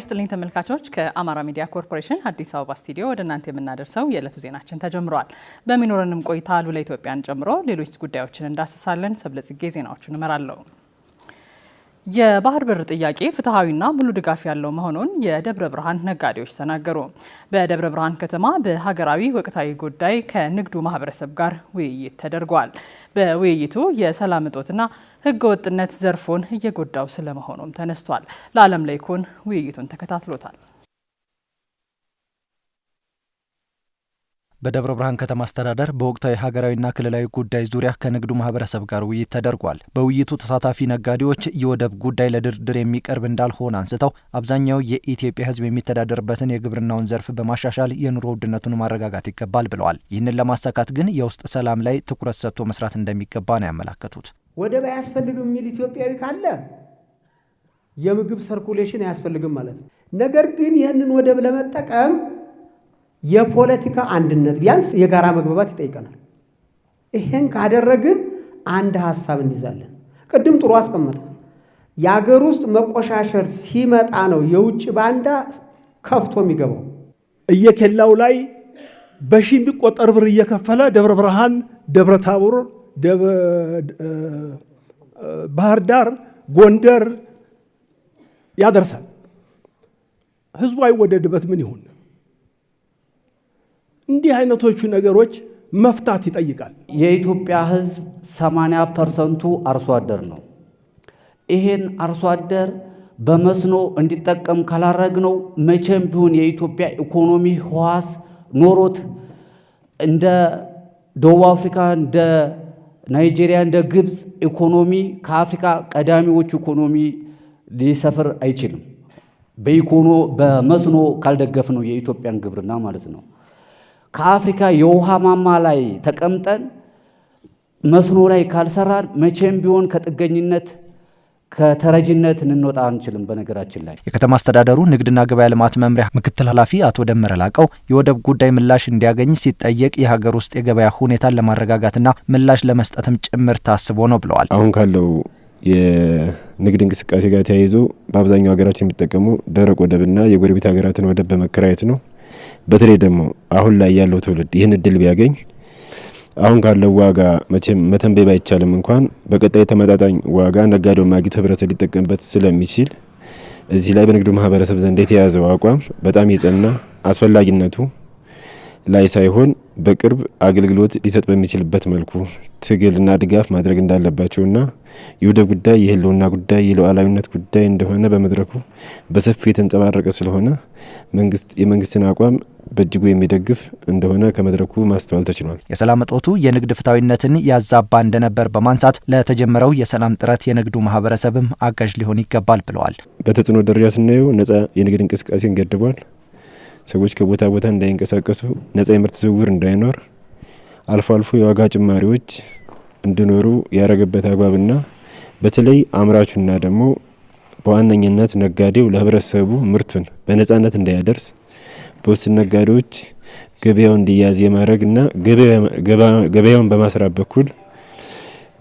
ይስጥልኝ ተመልካቾች፣ ከአማራ ሚዲያ ኮርፖሬሽን አዲስ አበባ ስቱዲዮ ወደ እናንተ የምናደርሰው የዕለቱ ዜናችን ተጀምሯል። በሚኖረንም ቆይታ ሉላ ኢትዮጵያን ጨምሮ ሌሎች ጉዳዮችን እንዳስሳለን። ሰብለጽጌ ዜናዎቹን እመራለሁ። የባህር በር ጥያቄ ፍትሐዊና ሙሉ ድጋፍ ያለው መሆኑን የደብረ ብርሃን ነጋዴዎች ተናገሩ። በደብረ ብርሃን ከተማ በሀገራዊ ወቅታዊ ጉዳይ ከንግዱ ማህበረሰብ ጋር ውይይት ተደርጓል። በውይይቱ የሰላም እጦትና ወጥነት ዘርፎን እየጎዳው ስለመሆኑም ተነስቷል። ለዓለም ላይ ኮን ውይይቱን ተከታትሎታል። በደብረ ብርሃን ከተማ አስተዳደር በወቅታዊ ሀገራዊና ክልላዊ ጉዳይ ዙሪያ ከንግዱ ማህበረሰብ ጋር ውይይት ተደርጓል። በውይይቱ ተሳታፊ ነጋዴዎች የወደብ ጉዳይ ለድርድር የሚቀርብ እንዳልሆነ አንስተው አብዛኛው የኢትዮጵያ ሕዝብ የሚተዳደርበትን የግብርናውን ዘርፍ በማሻሻል የኑሮ ውድነቱን ማረጋጋት ይገባል ብለዋል። ይህንን ለማሳካት ግን የውስጥ ሰላም ላይ ትኩረት ሰጥቶ መስራት እንደሚገባ ነው ያመላከቱት። ወደብ አያስፈልግም የሚል ኢትዮጵያዊ ካለ የምግብ ሰርኩሌሽን አያስፈልግም ማለት ነው። ነገር ግን ይህንን ወደብ ለመጠቀም የፖለቲካ አንድነት ቢያንስ የጋራ መግባባት ይጠይቀናል። ይሄን ካደረግን አንድ ሀሳብ እንይዛለን። ቅድም ጥሩ አስቀመጠ። የአገር ውስጥ መቆሻሸር ሲመጣ ነው የውጭ ባንዳ ከፍቶ የሚገባው። እየኬላው ላይ በሺ የሚቆጠር ብር እየከፈለ ደብረ ብርሃን፣ ደብረ ታቦር፣ ባህር ዳር፣ ጎንደር ያደርሳል። ህዝቡ አይወደድበት ምን ይሁን? እንዲህ አይነቶቹ ነገሮች መፍታት ይጠይቃል። የኢትዮጵያ ሕዝብ 80 ፐርሰንቱ አርሶ አደር ነው። ይሄን አርሶ አደር በመስኖ እንዲጠቀም ካላረግነው መቼም ቢሆን የኢትዮጵያ ኢኮኖሚ ህዋስ ኖሮት እንደ ደቡብ አፍሪካ፣ እንደ ናይጄሪያ፣ እንደ ግብፅ ኢኮኖሚ ከአፍሪካ ቀዳሚዎቹ ኢኮኖሚ ሊሰፍር አይችልም። በመስኖ ካልደገፍ ነው የኢትዮጵያን ግብርና ማለት ነው። ከአፍሪካ የውሃ ማማ ላይ ተቀምጠን መስኖ ላይ ካልሰራን መቼም ቢሆን ከጥገኝነት ከተረጅነት እንወጣ አንችልም። በነገራችን ላይ የከተማ አስተዳደሩ ንግድና ገበያ ልማት መምሪያ ምክትል ኃላፊ አቶ ደመረ ላቀው የወደብ ጉዳይ ምላሽ እንዲያገኝ ሲጠየቅ የሀገር ውስጥ የገበያ ሁኔታን ለማረጋጋትና ምላሽ ለመስጠትም ጭምር ታስቦ ነው ብለዋል። አሁን ካለው የንግድ እንቅስቃሴ ጋር ተያይዞ በአብዛኛው ሀገራችን የሚጠቀሙ ደረቅ ወደብና የጎረቤት ሀገራትን ወደብ በመከራየት ነው። በተለይ ደግሞ አሁን ላይ ያለው ትውልድ ይህን እድል ቢያገኝ አሁን ካለው ዋጋ መቼም መተንበይ ባይቻልም እንኳን በቀጣይ ተመጣጣኝ ዋጋ ነጋዴው ማግኘት ህብረተሰብ ሊጠቀምበት ስለሚችል እዚህ ላይ በንግዱ ማህበረሰብ ዘንድ የተያዘው አቋም በጣም የጸና አስፈላጊነቱ ላይ ሳይሆን በቅርብ አገልግሎት ሊሰጥ በሚችልበት መልኩ ትግልና ድጋፍ ማድረግ እንዳለባቸውና የወደብ ጉዳይ የህልውና ጉዳይ የሉዓላዊነት ጉዳይ እንደሆነ በመድረኩ በሰፊ የተንጸባረቀ ስለሆነ መንግስት የመንግስትን አቋም በእጅጉ የሚደግፍ እንደሆነ ከመድረኩ ማስተዋል ተችሏል። የሰላም እጦቱ የንግድ ፍታዊነትን ያዛባ እንደነበር በማንሳት ለተጀመረው የሰላም ጥረት የንግዱ ማህበረሰብም አጋዥ ሊሆን ይገባል ብለዋል። በተጽዕኖ ደረጃ ስናየው ነጻ የንግድ እንቅስቃሴን ገድቧል። ሰዎች ከቦታ ቦታ እንዳይንቀሳቀሱ፣ ነጻ የምርት ዝውውር እንዳይኖር፣ አልፎ አልፎ የዋጋ ጭማሪዎች እንዲኖሩ ያደረገበት አግባብና በተለይ አምራቹና ደግሞ በዋነኝነት ነጋዴው ለህብረተሰቡ ምርቱን በነጻነት እንዳያደርስ በውስን ነጋዴዎች ገበያው እንዲያዝ የማድረግ እና ገበያውን በማስራት በኩል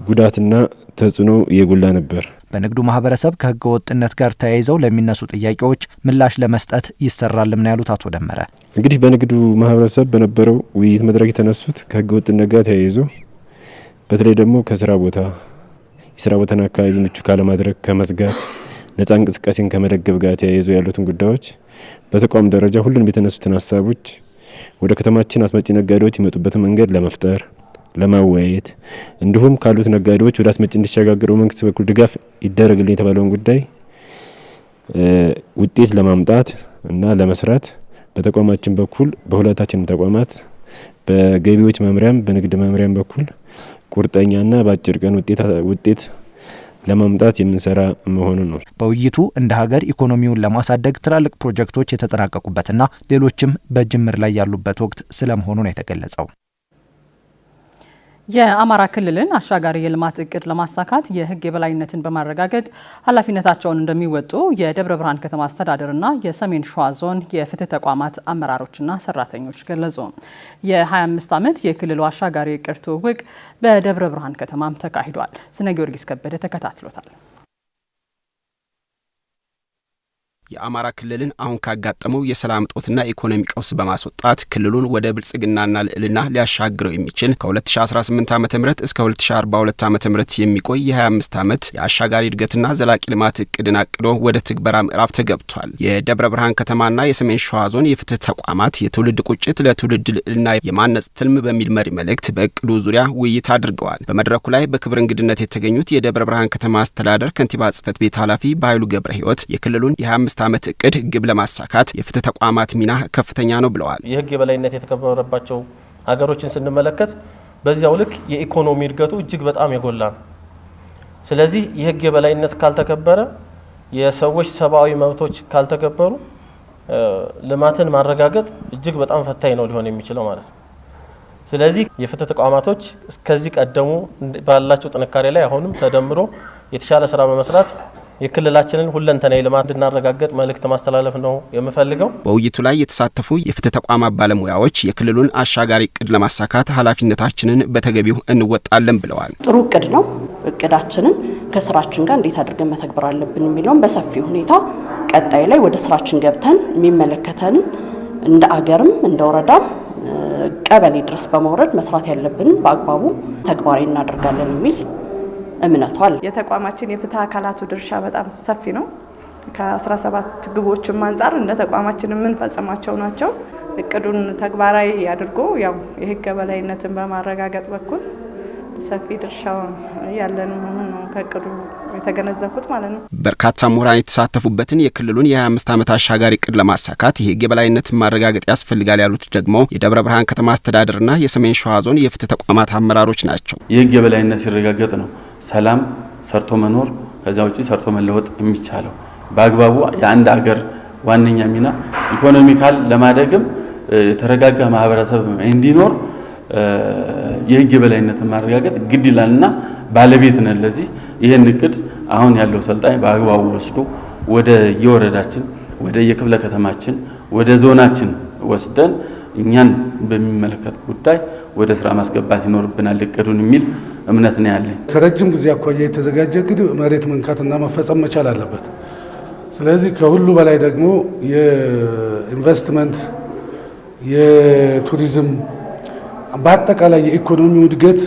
ጉዳትና ተጽዕኖ የጎላ ነበር። በንግዱ ማህበረሰብ ከህገ ወጥነት ጋር ተያይዘው ለሚነሱ ጥያቄዎች ምላሽ ለመስጠት ይሰራልም ነው ያሉት አቶ ደመረ። እንግዲህ በንግዱ ማህበረሰብ በነበረው ውይይት መድረክ የተነሱት ከህገ ወጥነት ጋር ተያይዞ በተለይ ደግሞ ከስራ ቦታ የስራ ቦታን አካባቢ ምቹ ካለማድረግ ከመዝጋት ነጻ እንቅስቃሴን ከመደገብ ጋር ተያይዞ ያሉትን ጉዳዮች በተቋም ደረጃ ሁሉንም የተነሱትን ሀሳቦች ወደ ከተማችን አስመጪ ነጋዴዎች የመጡበትን መንገድ ለመፍጠር ለማወያየት እንዲሁም ካሉት ነጋዴዎች ወደ አስመጪ እንዲሸጋገሩ መንግስት በኩል ድጋፍ ይደረግልን የተባለውን ጉዳይ ውጤት ለማምጣት እና ለመስራት በተቋማችን በኩል በሁለታችንም ተቋማት በገቢዎች መምሪያም በንግድ መምሪያም በኩል ቁርጠኛና በአጭር ቀን ውጤት ለማምጣት የምንሰራ መሆኑን ነው። በውይይቱ እንደ ሀገር ኢኮኖሚውን ለማሳደግ ትላልቅ ፕሮጀክቶች የተጠናቀቁበትና ሌሎችም በጅምር ላይ ያሉበት ወቅት ስለመሆኑ ነው የተገለጸው። የአማራ ክልልን አሻጋሪ የልማት እቅድ ለማሳካት የሕግ የበላይነትን በማረጋገጥ ኃላፊነታቸውን እንደሚወጡ የደብረ ብርሃን ከተማ አስተዳደርና የሰሜን ሸዋ ዞን የፍትህ ተቋማት አመራሮችና ሰራተኞች ገለጹ። የ25 ዓመት የክልሉ አሻጋሪ እቅድ ትውውቅ በደብረ ብርሃን ከተማም ተካሂዷል። ስነ ጊዮርጊስ ከበደ ተከታትሎታል። የአማራ ክልልን አሁን ካጋጠመው የሰላም እጦትና ኢኮኖሚ ቀውስ በማስወጣት ክልሉን ወደ ብልጽግናና ልዕልና ሊያሻግረው የሚችል ከ2018 ዓ ም እስከ 2042 ዓ ም የሚቆይ የ25 ዓመት የአሻጋሪ እድገትና ዘላቂ ልማት እቅድን አቅዶ ወደ ትግበራ ምዕራፍ ተገብቷል። የደብረ ብርሃን ከተማና የሰሜን ሸዋ ዞን የፍትህ ተቋማት የትውልድ ቁጭት ለትውልድ ልዕልና የማነጽ ትልም በሚል መሪ መልእክት በእቅዱ ዙሪያ ውይይት አድርገዋል። በመድረኩ ላይ በክብር እንግድነት የተገኙት የደብረ ብርሃን ከተማ አስተዳደር ከንቲባ ጽህፈት ቤት ኃላፊ በኃይሉ ገብረ ህይወት የክልሉን የ25 የአምስት ዓመት እቅድ ግብ ለማሳካት የፍትህ ተቋማት ሚና ከፍተኛ ነው ብለዋል። የህግ የበላይነት የተከበረባቸው ሀገሮችን ስንመለከት በዚያው ልክ የኢኮኖሚ እድገቱ እጅግ በጣም የጎላ ነው። ስለዚህ የህግ የበላይነት ካልተከበረ፣ የሰዎች ሰብአዊ መብቶች ካልተከበሩ ልማትን ማረጋገጥ እጅግ በጣም ፈታኝ ነው ሊሆን የሚችለው ማለት ነው። ስለዚህ የፍትህ ተቋማቶች እስከዚህ ቀደሙ ባላቸው ጥንካሬ ላይ አሁንም ተደምሮ የተሻለ ስራ በመስራት የክልላችንን ሁለንተናዊ ልማት እንድናረጋገጥ መልእክት ማስተላለፍ ነው የምፈልገው። በውይይቱ ላይ የተሳተፉ የፍትህ ተቋማት ባለሙያዎች የክልሉን አሻጋሪ እቅድ ለማሳካት ኃላፊነታችንን በተገቢው እንወጣለን ብለዋል። ጥሩ እቅድ ነው። እቅዳችንን ከስራችን ጋር እንዴት አድርገን መተግበር አለብን የሚለውን በሰፊ ሁኔታ ቀጣይ ላይ ወደ ስራችን ገብተን የሚመለከተን እንደ አገርም እንደ ወረዳም ቀበሌ ድረስ በመውረድ መስራት ያለብንን በአግባቡ ተግባራዊ እናደርጋለን የሚል እምነቷል። የተቋማችን የፍትህ አካላቱ ድርሻ በጣም ሰፊ ነው። ከ17 ግቦችም አንጻር እንደ ተቋማችን የምንፈጽማቸው ናቸው። እቅዱን ተግባራዊ አድርጎ ያው የህግ የበላይነትን በማረጋገጥ በኩል ሰፊ ድርሻ ያለን መሆኑን ነው ከእቅዱ የተገነዘብኩት ማለት ነው። በርካታ ምሁራን የተሳተፉበትን የክልሉን የ25 ዓመት አሻጋሪ እቅድ ለማሳካት የህግ የበላይነት ማረጋገጥ ያስፈልጋል ያሉት ደግሞ የደብረ ብርሃን ከተማ አስተዳደርና የሰሜን ሸዋ ዞን የፍትህ ተቋማት አመራሮች ናቸው። የህግ የበላይነት ሲረጋገጥ ነው ሰላም ሰርቶ መኖር ከዛ ውጭ ሰርቶ መለወጥ የሚቻለው በአግባቡ የአንድ ሀገር ዋነኛ ሚና ኢኮኖሚካል ለማደግም የተረጋጋ ማህበረሰብ እንዲኖር የህግ የበላይነትን ማረጋገጥ ግድ ይላል እና ባለቤት ነን ለዚህ ይህን እቅድ አሁን ያለው ሰልጣኝ በአግባቡ ወስዶ ወደ የወረዳችን ወደ የክፍለ ከተማችን ወደ ዞናችን ወስደን እኛን በሚመለከት ጉዳይ ወደ ስራ ማስገባት ይኖርብናል እቅዱን የሚል እምነት ነው ያለኝ። ከረጅም ጊዜ አኳያ የተዘጋጀ እቅድ መሬት መንካትና መፈጸም መቻል አለበት። ስለዚህ ከሁሉ በላይ ደግሞ የኢንቨስትመንት፣ የቱሪዝም በአጠቃላይ የኢኮኖሚው እድገት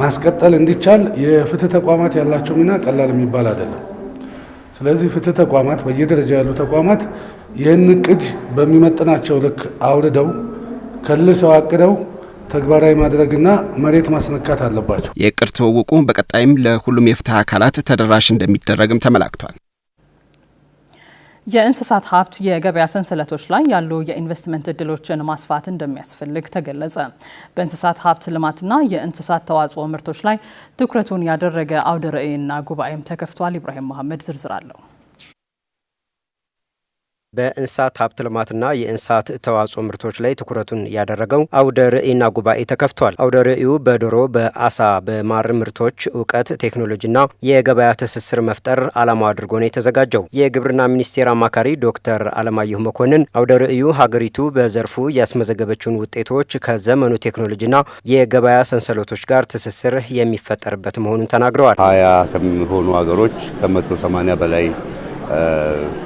ማስቀጠል እንዲቻል የፍትህ ተቋማት ያላቸው ሚና ቀላል የሚባል አይደለም። ስለዚህ ፍትህ ተቋማት በየደረጃ ያሉ ተቋማት ይህን እቅድ በሚመጥናቸው ልክ አውርደው ከልሰው አቅደው ተግባራዊ ማድረግና መሬት ማስነካት አለባቸው። የቅርስ ትውውቁ በቀጣይም ለሁሉም የፍትህ አካላት ተደራሽ እንደሚደረግም ተመላክቷል። የእንስሳት ሀብት የገበያ ሰንሰለቶች ላይ ያሉ የኢንቨስትመንት እድሎችን ማስፋት እንደሚያስፈልግ ተገለጸ። በእንስሳት ሀብት ልማትና የእንስሳት ተዋጽኦ ምርቶች ላይ ትኩረቱን ያደረገ አውደ ርዕይና ጉባኤም ተከፍቷል። ኢብራሂም መሐመድ ዝርዝር አለው። በእንስሳት ሀብት ልማትና የእንስሳት ተዋጽኦ ምርቶች ላይ ትኩረቱን ያደረገው አውደ ርዕይና ጉባኤ ተከፍቷል። አውደ ርዕዩ በዶሮ፣ በአሳ፣ በማር ምርቶች እውቀት፣ ቴክኖሎጂና የገበያ ትስስር መፍጠር ዓላማው አድርጎ ነው የተዘጋጀው። የግብርና ሚኒስቴር አማካሪ ዶክተር አለማየሁ መኮንን አውደ ርዕዩ ሀገሪቱ በዘርፉ ያስመዘገበችውን ውጤቶች ከዘመኑ ቴክኖሎጂና የገበያ ሰንሰለቶች ጋር ትስስር የሚፈጠርበት መሆኑን ተናግረዋል። ሀያ ከሚሆኑ ሀገሮች ከመቶ ሰማኒያ በላይ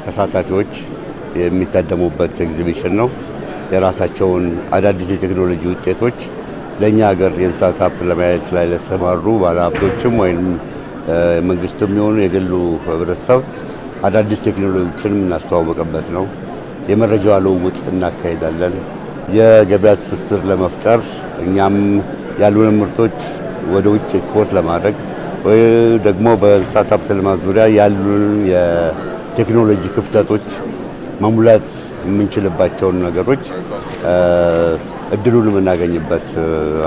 ተሳታፊዎች የሚታደሙበት ኤግዚቢሽን ነው። የራሳቸውን አዳዲስ የቴክኖሎጂ ውጤቶች ለእኛ ሀገር የእንስሳት ሀብት ለማየት ላይ ለተሰማሩ ባለሀብቶችም ወይም መንግስቱ የሚሆኑ የግሉ ህብረተሰብ አዳዲስ ቴክኖሎጂዎችን እናስተዋወቅበት ነው። የመረጃ ልውውጥ እናካሄዳለን። የገበያ ትስስር ለመፍጠር እኛም ያሉን ምርቶች ወደ ውጭ ኤክስፖርት ለማድረግ ወይ ደግሞ በእንስሳት ሀብት ልማት ዙሪያ ያሉን የቴክኖሎጂ ክፍተቶች መሙላት የምንችልባቸውን ነገሮች እድሉን የምናገኝበት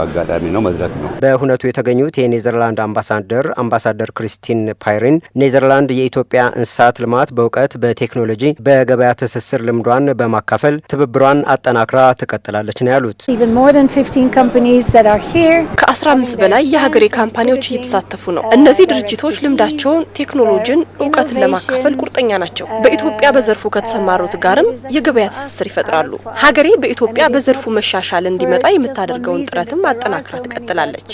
አጋጣሚ ነው፣ መድረክ ነው። በሁነቱ የተገኙት የኔዘርላንድ አምባሳደር አምባሳደር ክሪስቲን ፓይሪን ኔዘርላንድ የኢትዮጵያ እንስሳት ልማት በእውቀት በቴክኖሎጂ በገበያ ትስስር ልምዷን በማካፈል ትብብሯን አጠናክራ ትቀጥላለች ነው ያሉት። ከ15 በላይ የሀገሬ ካምፓኒዎች እየተሳተፉ ነው። እነዚህ ድርጅቶች ልምዳቸውን፣ ቴክኖሎጂን፣ እውቀትን ለማካፈል ቁርጠኛ ናቸው። በኢትዮጵያ በዘርፉ ከተሰማሩት ጋርም የገበያ ትስስር ይፈጥራሉ። ሀገሬ በኢትዮጵያ በዘርፉ መሻሻል መሻሻል እንዲመጣ የምታደርገውን ጥረትም አጠናክራ ትቀጥላለች።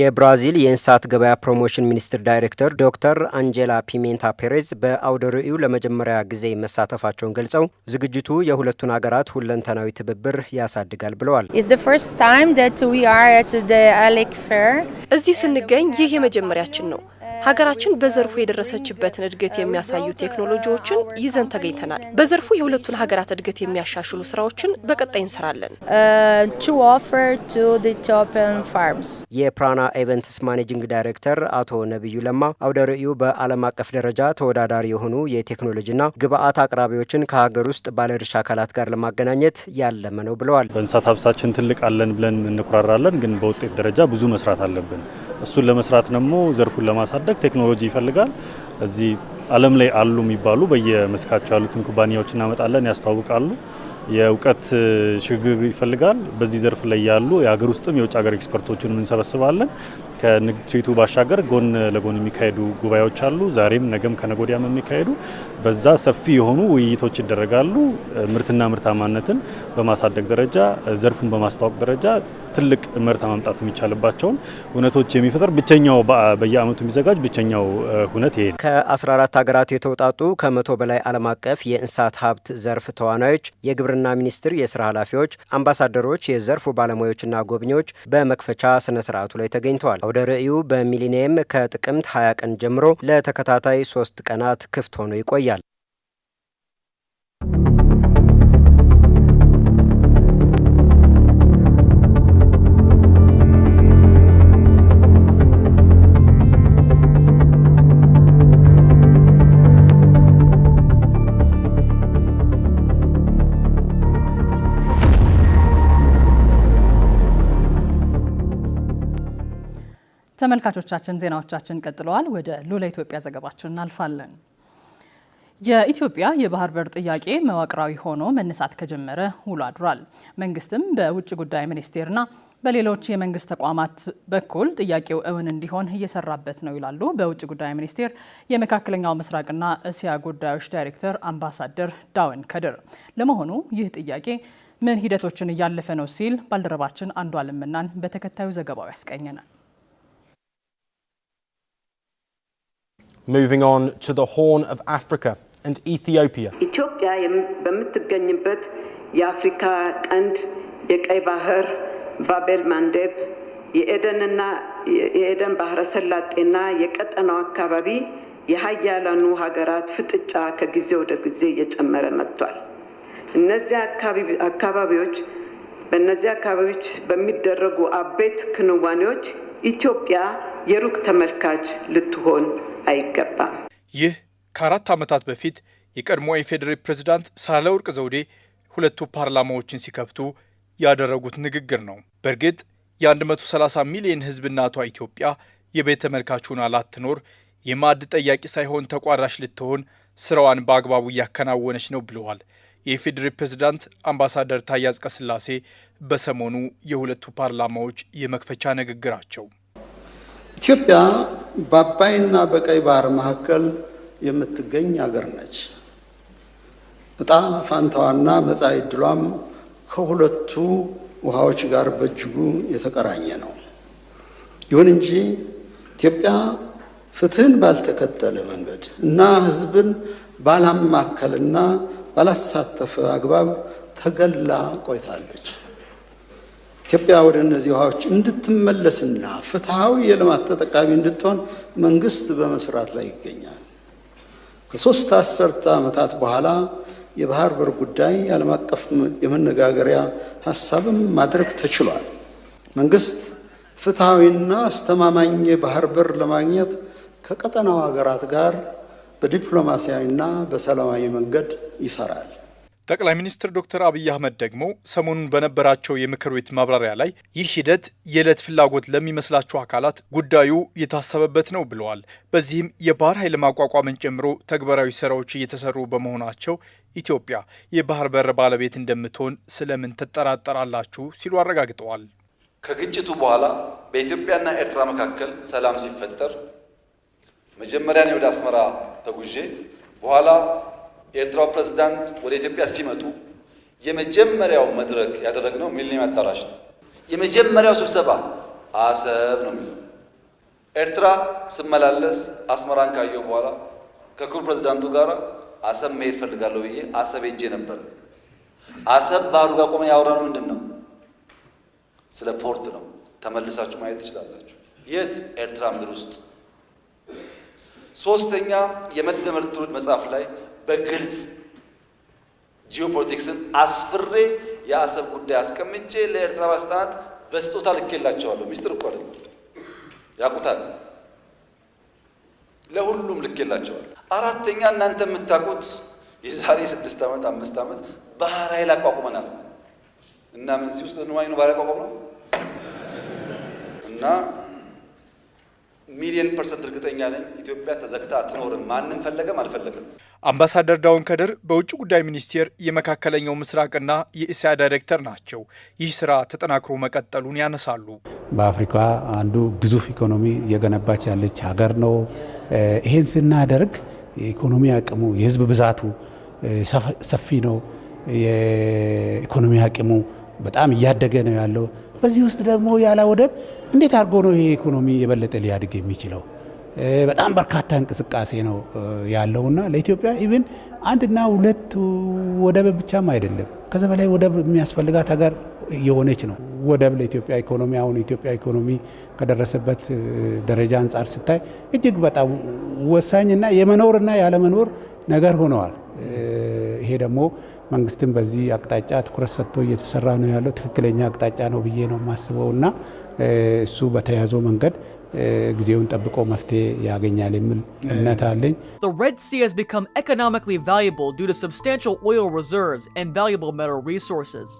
የብራዚል የእንስሳት ገበያ ፕሮሞሽን ሚኒስትር ዳይሬክተር ዶክተር አንጀላ ፒሜንታ ፔሬዝ በአውደ ርዕዩ ለመጀመሪያ ጊዜ መሳተፋቸውን ገልጸው ዝግጅቱ የሁለቱን ሀገራት ሁለንተናዊ ትብብር ያሳድጋል ብለዋል። እዚህ ስንገኝ ይህ የመጀመሪያችን ነው። ሀገራችን በዘርፉ የደረሰችበትን እድገት የሚያሳዩ ቴክኖሎጂዎችን ይዘን ተገኝተናል። በዘርፉ የሁለቱን ሀገራት እድገት የሚያሻሽሉ ስራዎችን በቀጣይ እንሰራለን። uh, የፕራና ኤቨንትስ ማኔጂንግ ዳይሬክተር አቶ ነቢዩ ለማ አውደ ርዕዩ በዓለም አቀፍ ደረጃ ተወዳዳሪ የሆኑ የቴክኖሎጂና ግብአት አቅራቢዎችን ከሀገር ውስጥ ባለድርሻ አካላት ጋር ለማገናኘት ያለመ ነው ብለዋል። በእንስሳት ሀብታችን ትልቅ አለን ብለን እንኩራራለን፣ ግን በውጤት ደረጃ ብዙ መስራት አለብን። እሱን ለመስራት ደግሞ ዘርፉን ለማሳደግ ለማሳደግ ቴክኖሎጂ ይፈልጋል። እዚህ ዓለም ላይ አሉ የሚባሉ በየመስካቸው ያሉትን ኩባንያዎች እናመጣለን፣ ያስተዋውቃሉ። የእውቀት ሽግግር ይፈልጋል። በዚህ ዘርፍ ላይ ያሉ የሀገር ውስጥም የውጭ ሀገር ኤክስፐርቶችን እንሰበስባለን። ከንግድ ትርኢቱ ባሻገር ጎን ለጎን የሚካሄዱ ጉባኤዎች አሉ። ዛሬም ነገም ከነጎዲያም የሚካሄዱ በዛ ሰፊ የሆኑ ውይይቶች ይደረጋሉ። ምርትና ምርታማነትን በማሳደግ ደረጃ ዘርፉን በማስተዋወቅ ደረጃ ትልቅ ምርት ማምጣት የሚቻልባቸውን እውነቶች የሚፈጥር ብቸኛው በየአመቱ የሚዘጋጅ ብቸኛው እውነት ይሄ ነው። ከ14 ሀገራት የተውጣጡ ከመቶ በላይ ዓለም አቀፍ የእንስሳት ሀብት ዘርፍ ተዋናዮች፣ የግብርና ሚኒስቴር የስራ ኃላፊዎች፣ አምባሳደሮች፣ የዘርፉ ባለሙያዎችና ጎብኚዎች በመክፈቻ ስነ ስርዓቱ ላይ ተገኝተዋል። አውደ ርዕዩ በሚሊኒየም ከጥቅምት 20 ቀን ጀምሮ ለተከታታይ ሶስት ቀናት ክፍት ሆኖ ይቆያል። ተመልካቾቻችን ዜናዎቻችን ቀጥለዋል። ወደ ሉላ ኢትዮጵያ ዘገባችን እናልፋለን። የኢትዮጵያ የባህር በር ጥያቄ መዋቅራዊ ሆኖ መነሳት ከጀመረ ውሎ አድሯል። መንግስትም በውጭ ጉዳይ ሚኒስቴርና በሌሎች የመንግስት ተቋማት በኩል ጥያቄው እውን እንዲሆን እየሰራበት ነው ይላሉ በውጭ ጉዳይ ሚኒስቴር የመካከለኛው ምስራቅና እስያ ጉዳዮች ዳይሬክተር አምባሳደር ዳውን ከድር። ለመሆኑ ይህ ጥያቄ ምን ሂደቶችን እያለፈ ነው ሲል ባልደረባችን አንዷ ልምናን በተከታዩ ዘገባው ያስቀኘናል። Moving on to the Horn of Africa and Ethiopia. ኢትዮጵያ በምትገኝበት የአፍሪካ ቀንድ የቀይ ባህር፣ ባቤል ማንዴብ፣ የኤደን ባህረ ሰላጤና የቀጠናው አካባቢ የሀያላኑ ሀገራት ፍጥጫ ከጊዜ ወደ ጊዜ እየጨመረ መጥቷል። እነዚያ አካባቢዎች በእነዚህ አካባቢዎች በሚደረጉ አበይት ክንዋኔዎች ኢትዮጵያ የሩቅ ተመልካች ልትሆን አይገባም። ይህ ከአራት ዓመታት በፊት የቀድሞ የፌዴሬ ፕሬዝዳንት ሳህለወርቅ ዘውዴ ሁለቱ ፓርላማዎችን ሲከፍቱ ያደረጉት ንግግር ነው። በእርግጥ የ130 ሚሊዮን ሕዝብ እናቷ ኢትዮጵያ የቤት ተመልካቹን አላትኖር የማዕድ ጠያቂ ሳይሆን ተቋራሽ ልትሆን ስራዋን በአግባቡ እያከናወነች ነው ብለዋል። የኢፌዴሪ ፕሬዝዳንት አምባሳደር ታዬ አጽቀሥላሴ በሰሞኑ የሁለቱ ፓርላማዎች የመክፈቻ ንግግራቸው ኢትዮጵያ በአባይና በቀይ ባህር መካከል የምትገኝ አገር ነች። እጣ ፋንታዋና መጻኢ ዕድሏም ከሁለቱ ውሃዎች ጋር በእጅጉ የተቀራኘ ነው። ይሁን እንጂ ኢትዮጵያ ፍትህን ባልተከተለ መንገድ እና ሕዝብን ባላማከልና ባላሳተፈ አግባብ ተገላ ቆይታለች። ኢትዮጵያ ወደ እነዚህ ውሃዎች እንድትመለስና ፍትሐዊ የልማት ተጠቃሚ እንድትሆን መንግስት በመስራት ላይ ይገኛል። ከሶስት አስርተ ዓመታት በኋላ የባህር በር ጉዳይ ዓለም አቀፍ የመነጋገሪያ ሀሳብም ማድረግ ተችሏል። መንግስት ፍትሐዊና አስተማማኝ የባህር በር ለማግኘት ከቀጠናው ሀገራት ጋር በዲፕሎማሲያዊና በሰላማዊ መንገድ ይሰራል። ጠቅላይ ሚኒስትር ዶክተር አብይ አህመድ ደግሞ ሰሞኑን በነበራቸው የምክር ቤት ማብራሪያ ላይ ይህ ሂደት የዕለት ፍላጎት ለሚመስላቸው አካላት ጉዳዩ የታሰበበት ነው ብለዋል። በዚህም የባህር ኃይል ማቋቋምን ጨምሮ ተግባራዊ ስራዎች እየተሰሩ በመሆናቸው ኢትዮጵያ የባህር በር ባለቤት እንደምትሆን ስለምን ትጠራጠራላችሁ ሲሉ አረጋግጠዋል። ከግጭቱ በኋላ በኢትዮጵያና ኤርትራ መካከል ሰላም ሲፈጠር መጀመሪያ እኔ ወደ አስመራ ተጉዤ በኋላ የኤርትራው ፕሬዝዳንት ወደ ኢትዮጵያ ሲመጡ የመጀመሪያው መድረክ ያደረግነው ሚሊኒየም አዳራሽ ነው። የመጀመሪያው ስብሰባ አሰብ ነው የሚለው። ኤርትራ ስመላለስ አስመራን ካየሁ በኋላ ከክቡር ፕሬዝዳንቱ ጋር አሰብ መሄድ ፈልጋለሁ ብዬ አሰብ ሄጄ ነበር። አሰብ ባህሩ ጋር ቆመ ያወራነው ምንድን ነው? ስለ ፖርት ነው። ተመልሳችሁ ማየት ትችላላችሁ። የት ኤርትራ ምድር ውስጥ ሶስተኛ የመደመር ትውልድ መጽሐፍ ላይ በግልጽ ጂኦፖለቲክስን አስፍሬ የአሰብ ጉዳይ አስቀምጬ ለኤርትራ ባለስልጣናት በስጦታ ልኬላቸዋለሁ። ሚስጥር እኮ አይደለም፣ ያውቁታል። ለሁሉም ልኬላቸዋለሁ። አራተኛ እናንተ የምታውቁት የዛሬ ስድስት ዓመት አምስት ዓመት ባህር ኃይል አቋቁመናል እና ምን እዚህ ውስጥ ንዋይ ነው ባህር እና ሚሊዮን ፐርሰንት እርግጠኛ ነኝ ኢትዮጵያ ተዘግታ አትኖርም፣ ማንም ፈለገም አልፈለገም። አምባሳደር ዳውን ከድር በውጭ ጉዳይ ሚኒስቴር የመካከለኛው ምስራቅና የእስያ ዳይሬክተር ናቸው። ይህ ስራ ተጠናክሮ መቀጠሉን ያነሳሉ። በአፍሪካ አንዱ ግዙፍ ኢኮኖሚ እየገነባች ያለች ሀገር ነው። ይህን ስናደርግ የኢኮኖሚ አቅሙ የህዝብ ብዛቱ ሰፊ ነው። የኢኮኖሚ አቅሙ በጣም እያደገ ነው ያለው በዚህ ውስጥ ደግሞ ያለ ወደብ እንዴት አድርጎ ነው ይሄ ኢኮኖሚ የበለጠ ሊያድግ የሚችለው? በጣም በርካታ እንቅስቃሴ ነው ያለውና ለኢትዮጵያ ኢቭን አንድና ሁለት ወደብ ብቻም አይደለም፣ ከዚ በላይ ወደብ የሚያስፈልጋት ሀገር የሆነች ነው። ወደብ ለኢትዮጵያ ኢኮኖሚ አሁን ኢትዮጵያ ኢኮኖሚ ከደረሰበት ደረጃ አንጻር ስታይ እጅግ በጣም ወሳኝና የመኖርና ያለመኖር ነገር ሆነዋል። ይሄ ደግሞ መንግስትም በዚህ አቅጣጫ ትኩረት ሰጥቶ እየተሰራ ነው ያለው ትክክለኛ አቅጣጫ ነው ብዬ ነው የማስበው እና እሱ በተያዘው መንገድ ጊዜውን ጠብቆ መፍትሄ ያገኛል የሚል እምነት አለኝ። The Red Sea has become economically valuable due to substantial oil reserves and valuable metal resources.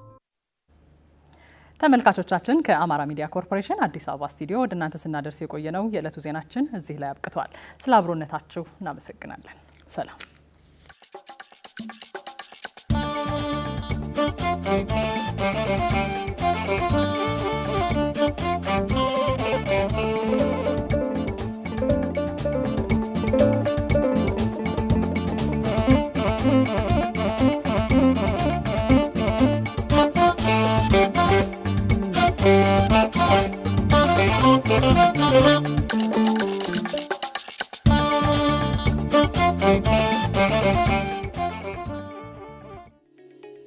ተመልካቾቻችን ከአማራ ሚዲያ ኮርፖሬሽን አዲስ አበባ ስቱዲዮ ወደ እናንተ ስናደርስ የቆየ ነው የዕለቱ ዜናችን እዚህ ላይ አብቅቷል። ስለ አብሮነታችሁ እናመሰግናለን። ሰላም Thank you.